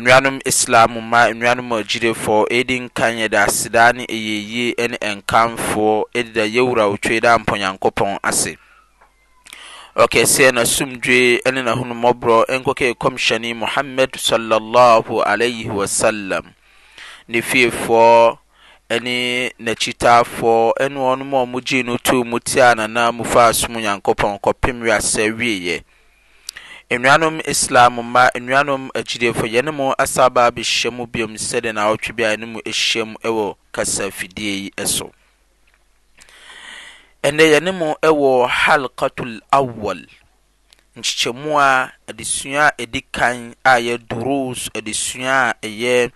nnuanom islam ma nnuanom agyirefoɔ ɛdi nkan yɛde asedaa ne ɛyɛyie ne nkamfoɔ ɛde da yɛwura wotwe da mpɔnyankopɔn ase ɔkɛseɛ na sumdwe ne n'ahonomɔborɔ nkɔkɛ kɔmhyɛne muhammad sallallahu alayhi wasallam ne fiefoɔ ɛne n'akyitaafoɔ ɛne wɔn mu a wɔgye no too mu tia nana mu fa asom nyankopɔn kɔpem wiasɛ wieɛ nnuanom islam mma nnuanom agyidiefo yɛnemu asabaabihyiamu biom sɛde nawɔtwa bi a ɛnemu hyiam wɔ kasafidie yi so ɛndɛ yɛnemu ɛwɔ halekato lawal nkyikyɛmu a adesua a ɛdi kan a yɛ drus adesua a ɛyɛ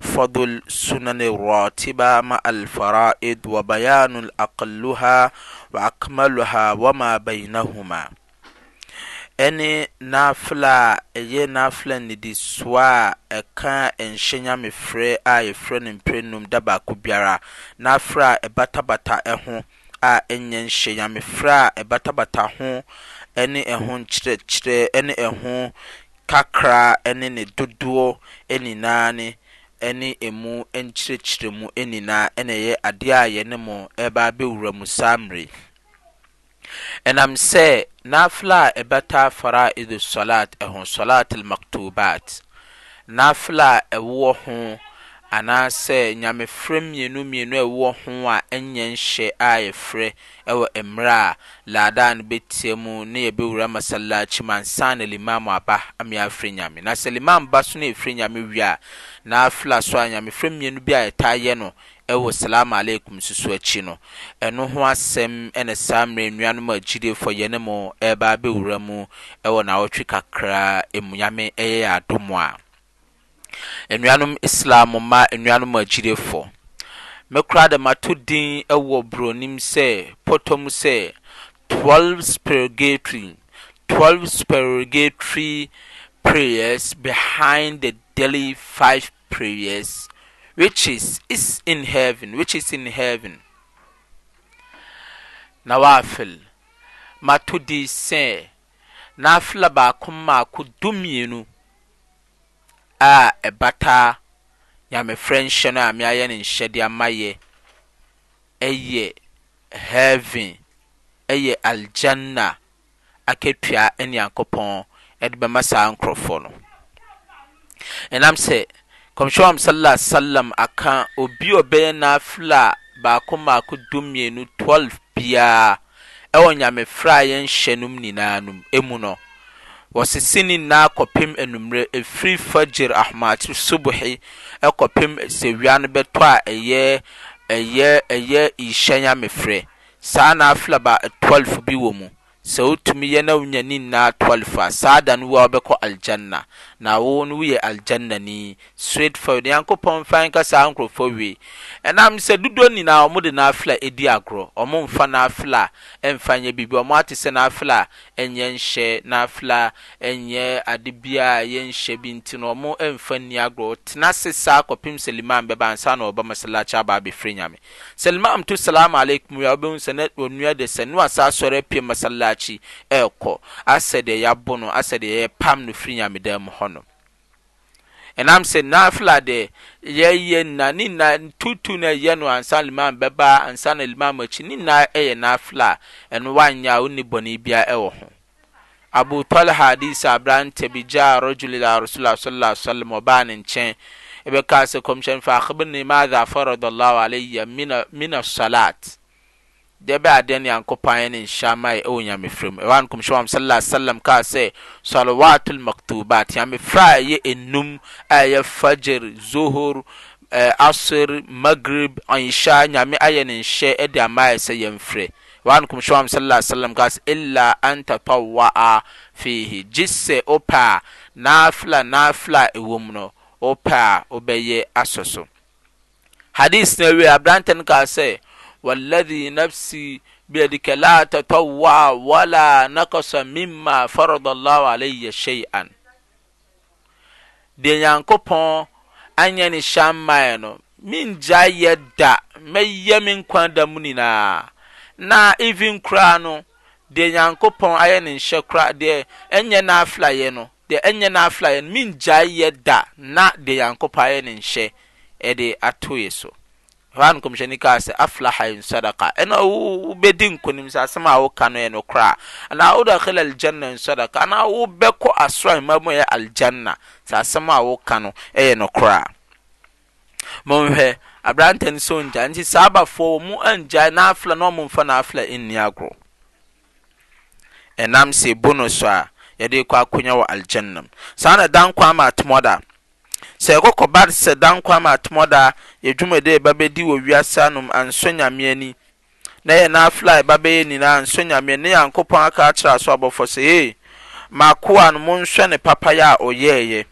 fadule sunan ratiba maa lfaraid wa bayanu akaluha wɔ akmalha wama bainahoma ne nafla a ɛyɛ nafla nnidisoɔ a ɛka nhyɛ nyamefrɛ a yɛfrɛ no mprɛnum da baako biara nafla a ɛbatabata ho a ɛnyɛ nhyɛ nyamefrɛ a ɛbatabata ho ne ɛho nkyerɛkyerɛ ne ɛho kakra ne ne dodoɔ nyinaa ne ne ɛmu nkyerɛkyerɛmu nyinaa na ɛyɛ adeɛ a yɛne mo ɛreba abɛwura mu saa mmiri. ɛnam sɛ Nafla a ɛbɛtaa fara'id solat ɛho salat maktubat nafila a ɛwɔ ho anaasɛ nyamefrɛ mmienu mmienu a ɛwɔ ho a ɛnyɛ nhyɛ a yɛfrɛ ɛwɔ mmerɛ a laadaa no bɛtia mu ne yɛbɛwura masallachi mu ansa na limam aba ama yɛafrɛ nyame na sɛ limam ba so na yɛfrɛ nyame wie a nafila so a nyamefrɛ mmienu bi a yɛtaa yɛ no ɛwɔ salam aleikum susu akyi no ɛno ho asɛm ne saa mmerɛ nnuanom agyidefo yɛne mu rɛbaa bɛwura mu ɛwɔ nowɔtwe kakra mmunyame yɛyɛ ado mɔ a nnuanom islam ma nnuanom agyidefɔ me kora dem'ato din wɔ buronim sɛ potom sɛ 2ve sprigatry 2wve sperogatory praiers behind the daily 5iv prayiers snnna wafe matodi see naafela baako maako dumienu a ɛbataa nyamefrɛ nhyɛ no a me ayɛ ne nhyɛde amayɛ yɛ hevin ɛyɛ aljanna akɛtua nnyankopɔn ɛde bɛma saa nkurɔfoɔ no kɔmhyɛwam sallallahu alaihi wasallam aka obi ɔbɛyɛ nafila baako mako du mmienu twelve biara ɛwɔ nyamefra a yɛnhyɛ nom nyinaa nom emu no wɔsese ne nyinaa kɔpem anummerɛ ɛfiri fagyer ahomaakye subuhi ɛkɔpem sɛ wia no bɛtɔ a ɛyɛ ɛyɛ ɛyɛ ihyɛ nyamefrɛ saa nafila ba twelve bi wɔ mu sɛ wotumi yɛ na wonya ne nyinaa twalifa saa da no wo a wobɛkɔ aljanna na wo no woyɛ aljanna ni straight forward nyankopɔn mfa nka saa nkurɔfɔ wei ɛnam sɛ dodo nyinaa ɔmo de n'afla edi agorɔ ɔmo mfa n'afla ɛmfa nyɛ biribi ɔmo ate sɛ n'afla ɛnyɛ nhyɛ n'afla ɛnyɛ ade bia ɛyɛ nhyɛ bi nti no ɔmo ɛmfa nni agorɔ tena se saa kɔpem selimam bɛba ansa na ɔba masalakyɛ aba abɛfiri nyame selimam to salamu aleikum wia wobɛhu sɛ ne onua de sɛ ne wasa sɔre apie masalakyɛ akyi ɛrekɔ asɛ deɛ yɛabɔ no asɛ deɛ yɛpam no firi nyamedan mu hɔ no ɛnam sɛ nafla deɛ yɛyɛ nna ne nna tutu no ɛyɛ no ansa limam bɛba ansa na limam akyi ne nna ɛyɛ nafla ɛno wanyɛ a wonni bɔne bia ɛwɔ ho abu talha hadis aberante bi gyaa rajul ila rasulillah sallallahu alaihi wasallam ba ne nkyɛn ɛbɛkaa sɛ kɔmhyɛn fa akhbirni madha faradallahu alayya mina mina salat deɛ bɛ adeɛne nyankopɔn ɛ ne nhyɛ ma ɛwɔ nyame firɛ mu ɔwaankomsyɛm saala salam ka sɛ salawat almaktubat nyame ferɛ a ɛyɛ num aɛyɛ fajir zohor aser magrib nhyɛ nyame ayɛ ne nhyɛ de amaɛ sɛ yɛm frɛ wanomɛ m saala salam kasɛ ila antatawaa fihi gye sɛ o pɛa nafla nafla ɛwo m no ɔ pɛa obɛyɛ asɔ so hadic wiibrta والذي نفسي بيدك لا تطوع ولا نقص مما فرض الله علي شيئا deɛ nyankopɔn anyɛ ne hyɛ mmaeɛ no mengya yɛ da mɛyɛ me nkwa da mu nyinaa na even koraa no deɛ nyankopɔn ayɛ ne nhyɛ koraa deɛ ɛnyɛ n'aflaeɛ no deɛ ɛnyɛ n'aflaeɛ no mengya yɛ da na deɛ nyankopɔn ayɛ ne nhyɛ ɛde atoe so sɛ aflahainsadaka nwbdinkone sasɛwoka ɛokor na wo dahil aljana nsadaka na wo bɛkɔ asoramaɛ aljana saasɛm a woka yɛ nokorbernsatisaaaffa nr ɛnam sɛ bono so a yɛde kɔ kɔya wɔ algana m sana dak matda sɛ ɛkɔkɔba sɛ danko ama atomɔda yɛ dwumadɛ ɛba bɛdi wɔ wiase anom ansɔ nyame ani na yɛ n'afla ɛba bɛyɛ nyinaa ansɔ nyame ani na aka akyerɛ aso abɔfo sɛ ee mako a no monhwɛ ne papayɛ a ɔyɛɛyɛ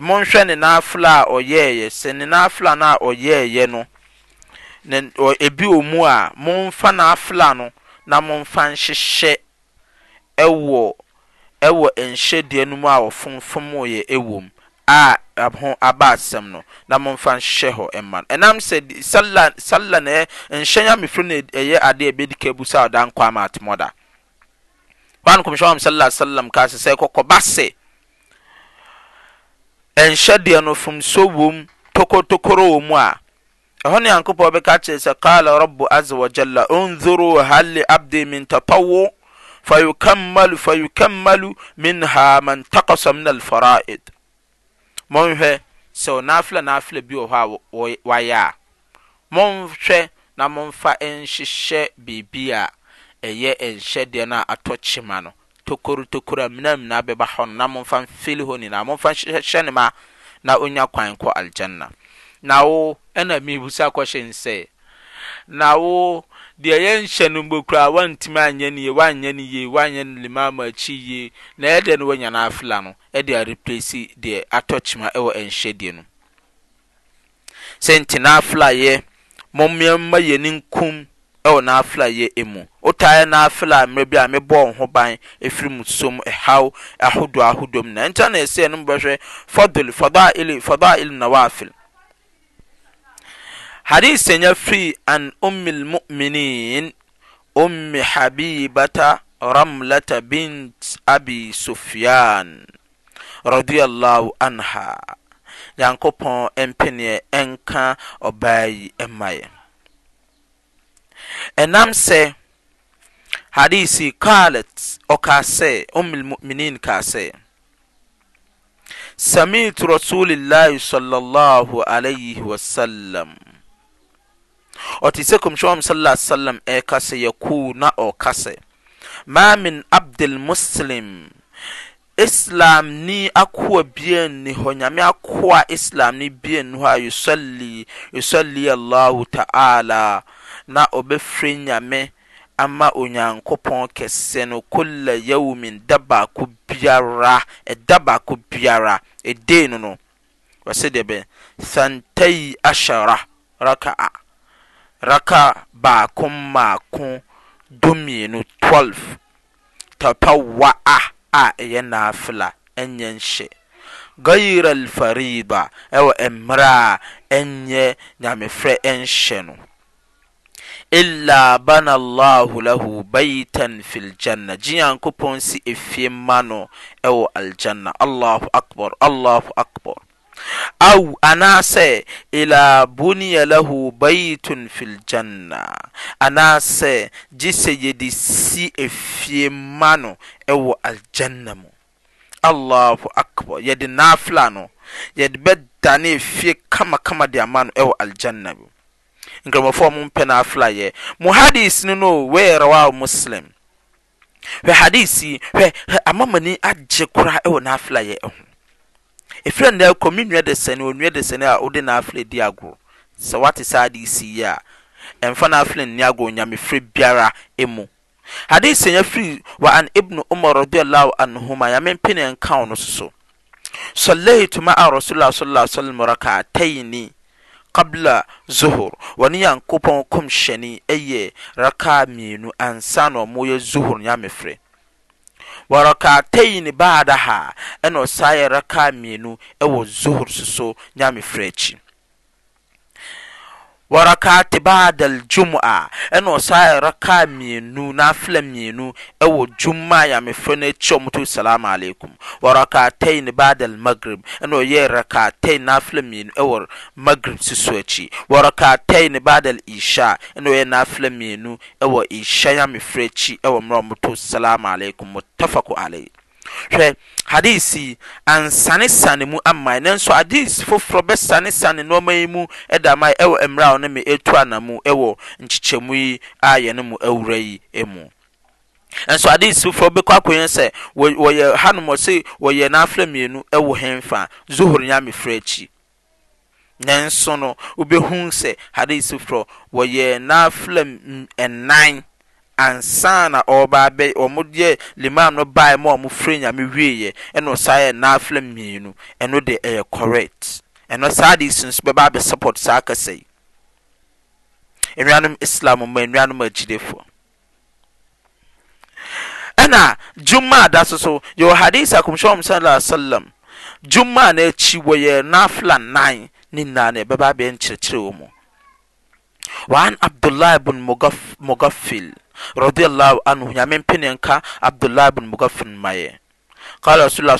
monhwɛ ne n'afla a ɔyɛɛyɛ sɛ ne n'afla no a ɔyɛɛyɛ no ne ebi wɔ mu a momfa n'afla no na momfa nhyehyɛ ɛwɔ ɛwɔ nhyɛdeɛ no mu a wɔfonfom yɛ ɛwɔ mu a o aba sɛm no nammfa nyhyɛ hɔmaɛnamsɛsalan hyɛ nyamefri no ɛyɛ adebedka bu sɛ ɔdakɔamaatomɔda hɔ anɔmsyɛ saala salam asɛkɔkɔ basɛ ɛnhyɛ deɛ no fomso wo m tokoro wo mu a ɛhɔ ne nyankɔpɔn bɛka kyeɛ sɛ kala rɔbu azawajala nzuru har le abdi mintapawo fa ukamalu minha man taksa min alfaraid monhwɛ sɛ nafla nafla bi wɔ hɔ a wayɛ a monhwɛ na momfa nhyehyɛ biribi a ɛyɛ nhyɛdeɛ no a atɔ kyema no tokorotokoro a minamina bɛba hɔ no na momfa mfili hɔ nyinaa momfa hyehyɛ ne ma na ɔnya kwan kɔ aljanna na wo ɛna mibusa kɔhyɛ nsɛ na wo deɛ yɛnhyɛ no mbɔ kura wantumi anyɛ ne yie wanyɛ ne yie wanyɛ ne limama akyi yie na ɛdɛ no wanya n'afila no ɛde areplace deɛ atɔ kyima ɛwɔ ɛnhyɛdeɛ no sɛnti n'afilayɛ mɔmmeɛma yɛ ne nkum ɛwɔ n'afilayɛ mu wotaeɛ n'afila mmerɛ bi a mebɔɔ ho ban ɛfiri mu som ɛhaw ahodoɔ ahodoɔ mu na nkyɛn na ɛsɛ no mbɛhwɛ fɔdol fɔdɔ a ili fɔdɔ a ili na wafil hadis ayafrii an umm lmuminin ommi habibata ramlata bint abi sufian railh an yank pɔn mpneɛ ɛŋka baɛyi mayɛ ɛnasɛ adsartaɛmmmuminiin asɛ samiit rs wsm ɔte sɛ kɔmsyiham sasalam ɛrɛka sɛ ya kol na ɔɔka sɛ ma min abdlmuslim islamni akoa bianni hɔ nyame akoa islam ne bianni hɔ a usl usalii allahu taala na ɔbɛfirɛ nyame ama onyankopɔn kɛsɛ no kula yawmen dɛda baako biara ɛdei nu nosɛdeɛ bɛ stk akabaakommaako duieno12 tapawa'a a ɛyɛ nafela yɛ nhyɛ gaira lfarida ɛwɔ ɛmmerɛa ɛyɛ nyamefrɛ nhyɛ no ila bana llaho laho baitan fi ljanna ge nyankopɔn si fie ma no ɛwɔ aljanna allah ar anaasɛ ila bunia laho biton fi ljanna anaasɛ gye sɛ yɛde si fie ma no wɔ aljanna mu allh akbar yɛde nafla no yɛde bɛdane fie kamakama deama no ɛwɔ aljanna mu nkrɔmɔfo mompɛ nafla yɛ mo hadis no no wei rawa muslem wɛ hades w amamani agye koraa wɔ nafla eɛ h efiri nnɛ kɔmi nua desɛn onua desɛn a wode n'afilɛ di agorɔ sɛ wate saa de si yie a ɛnfa n'afilɛ nni agorɔ nyamefiri biara emu hadisi yɛ firi wa an ibnu umar radiyallahu anhuma yame mpene nkan no soso sɔlɛɛ tuma a rasulillah sallallahu alaihi wa sallam raka atayini kabla zuhur wɔne yankopɔn kɔmhyɛni ɛyɛ raka mmienu ansa na wɔyɛ zuhur nyamefrɛ wɔrɔkaa ta yi ne baada haa ɛna ɔsaa yɛ rakar mmienu ɛwɔ zohoro soso nyame fra akyi warakat badal juma ɛnsarakamnnafla min wumaaefer nkioto salamaleikum rkatine badamagreb ɛnyɛrakatnafla mnwmagrb susuaki arkatine badalisha nynafamnwshaferki tsalamlekm tafa ay hwɛ hadisi ansanesane mu ama nanso hadisi foforɔ bɛsanesane nneɛma yi mu da ama ɛwɔ mmerɛ a ɔne me ɛtu anamu ɛwɔ nkyekyɛmu yi a yɛne mu awura yi mu nso hadisi foforɔ bɛkɔ akɔyɛ sɛ wɔyɛ hanom ɔse wɔyɛ n'afra mmienu ɛwɔ hemfa zuhuri nyame fra akyi nanso no wobɛhu sɛ hadisi foforɔ wɔyɛ n'afra ɛnan sa na yɛ lima no ba ma m frɛ nyame wie nosaa yɛ nafla minu ɛnode yɛ correct ɛnosaadessɛɛbɛsupport saakasai islmf ɛna dwumaa da so so yɛwɔ hadis akɔmsɛsaawsalam wuma nakyi wɔyɛ nafla naneaɛɛbɛkyerɛkyerɛɔ munabdlah bn rih an yamepnɛka abdulah bin mogafin maɛ asu a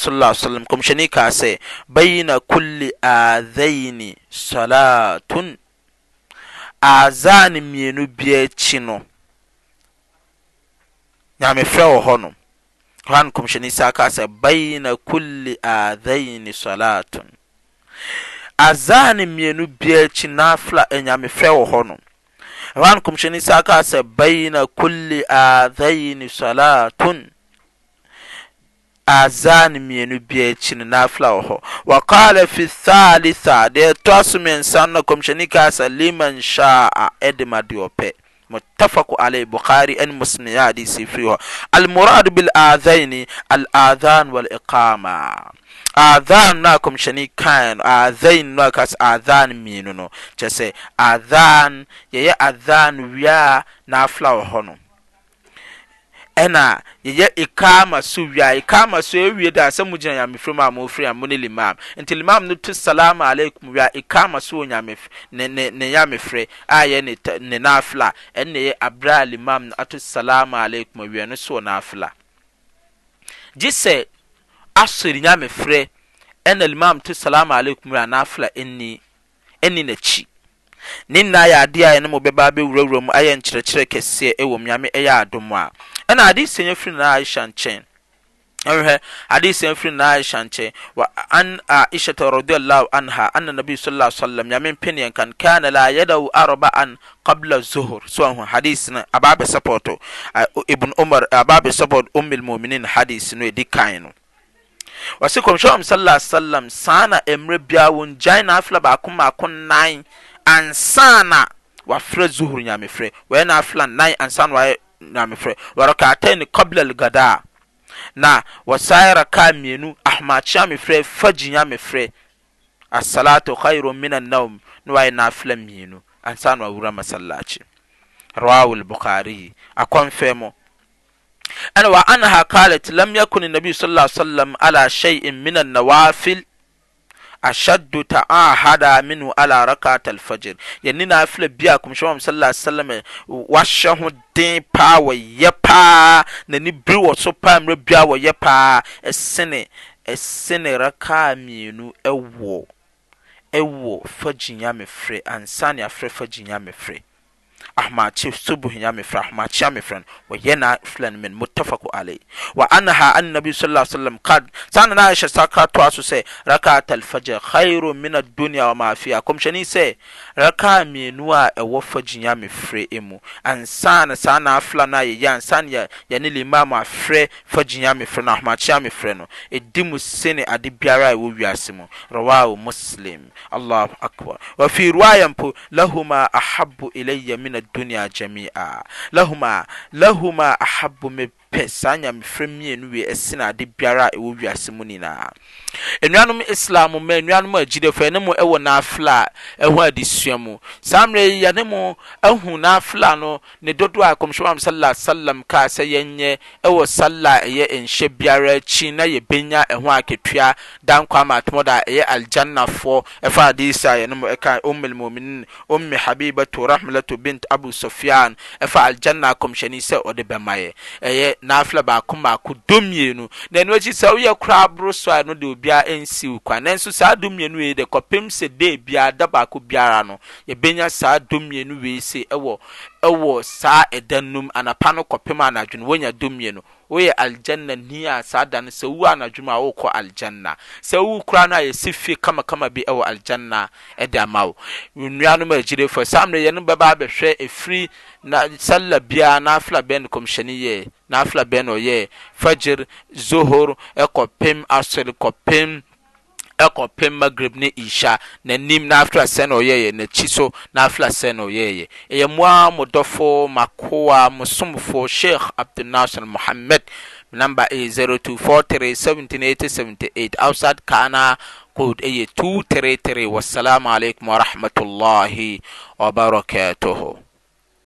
m kɛeaɛ bna kuli an slatnfrɛ w k an slatnɛw cmnbin kl ain slatn aana i aetesamn liman admdop t lيan mrad ain aan wama adan no akɔmhyɛne ka no aain no kas aan mmienu no kyɛsɛ aan yɛyɛ aan wiea naafla wɔ hɔ no ɛna yɛyɛ kama so wie kamaswiedaa sɛmugyina nyame frɛ mumofrɛnamo no limam nti limam no to salam alkum wie kamas ɔne nyame frɛ yɛ ne nafla ɛnnɛɛyɛ abrɛa limam o ato salamalekumawino swɔ naafaɛ asɔre nyame frɛ ɛna limam to salam aleikum ra anafla ɛni ɛni n'akyi ne nyinaa yɛ adeɛ a ɛne mo bɛba bɛwurawura mu ayɛ nkyerɛkyerɛ kɛseɛ ɛwɔ nyame ɛyɛ adom a ɛna ade sɛn afiri na ahyɛ nkyɛn ɛhwɛ ade sɛn afiri na ahyɛ nkyɛn wa an a ihyɛ ta radiyallahu anha anna nabi sallallahu alaihi wasallam nyame mpɛn yɛn kan kana la yadaw araba an kabla zuhur so ahu hadis na abaa bɛ support ibn umar abaa bɛ support ummul mu'minin hadis no edi kan no wɔsi kɔmhyɛ wɔn sallallahu alaihi saa na mmerɛ biara wɔn gyan na afla baako mako nan ansa na wafrɛ zuhur nyamefrɛ wɔyɛ na afla nan ansa na wɔayɛ nyamefrɛ wɔrɔka atɛn ne kɔbla gadaa na wɔsan raka mmienu ahomakye amefrɛ fagyi nyamefrɛ asalatu khairu min annawm na wɔayɛ na afla mmienu ansa na wɔawura masallaci rawul bukari akɔnfɛ mu ɛna wa anaha qalat lam yakun nabi sallallahu alaihi wasallam ala shay'in min an-nawafil ashaddu ta'ahada minhu ala rakat al-fajr yanni na afila bi a kumshe sallallahu alaihi wasallam wahyɛ ho den paa wɔyɛ paa na ni biri wɔ so paa mmerɛ bi a wɔyɛ paa ɛsene ɛsene raka mmienu ɛwɔ ɛwɔ fagyinya mefrɛ ansa ne afrɛ fagyinya mefrɛ hma sbhame frhmacame fr no wyɛnflnomen mutafako ale wɔanha anabi sa salam sa nenahyɛ sa katɔa so sɛ rakata alfajer hairun min adunia wɔmafia kɔmhyɛne sɛ rakamenu a ɛwɔ fa gyinyame frɛ e mu ansan saa naafla no a yɛy ansa yane lema m aferɛ fa giame frɛ n ahmacame frɛ no ɛdi mu sene ade biara ɛwɔ wise mu rmuslimlfi rmab Dunia jami'a lahuma lahuma ahabbu mepɛ saa nyamefrɛ mmienu wei ɛsi na ade biara a ɛwɔ wiase mu nyinaa nnuanom islam ma nnuanom agyidefo ne mu ɛwɔ n'afla ɛho adesua mu saa mmerɛ yi yɛne mu ahu n'afla no ne dodoɔ a kɔmhyɛm am sala salam kaa sɛ yɛnyɛ ɛwɔ sala ɛyɛ nhyɛ biara akyi na yɛbɛnya ɛho akatua da nkwa ama atomɔ da ɛyɛ aljannafoɔ ɛfa adesa yɛne mu ɛka ummul muminin ummi habibatu rahmalato bint abu sofian ɛfa aljanna kɔmhyɛni sɛ ɔde bɛma yɛ ɛyɛ n'afla baako baako dumienu na ɛno akyi sɛ woyɛ koraa aboro so a ɛno de obiara nsiw kwa nanso saa dumienu yi de kɔpem sɛ dee biara da baako biara no yɛbɛnya saa dumienu wei se ɛwɔ ɛwɔ saa ɛdan no mu anapa no kɔpem anadwo no wɔnya dɔmmiɛ no woyɛ aljanna ni a saa da no sɛ wu anadwo mu a wokɔ aljanna sɛ wu koraa no a yɛsi fie kamakama bi ɛwɔ aljanna ɛde ama wo nnuanom a agyirefo saa mmerɛ yɛno bɛba abɛhwɛ ɛfiri na salla biara na afla bɛn kɔmhyɛne yɛ na afla bɛn ɔyɛ fagyer zohor ɛkɔpem asɔre kɔpem ɛcɔɔpem magrib ne isha na nim nafe la sɛn yɛy na tiso naf la sɛnɔ yɛy ɛyɛ mua mo dɔfo makua mo some fo sheikh abduلnasaal mohamad namba a02 43 17878 ousad kana dy 233 wasalamu alaykum warahmatuاllahi wabarakatuh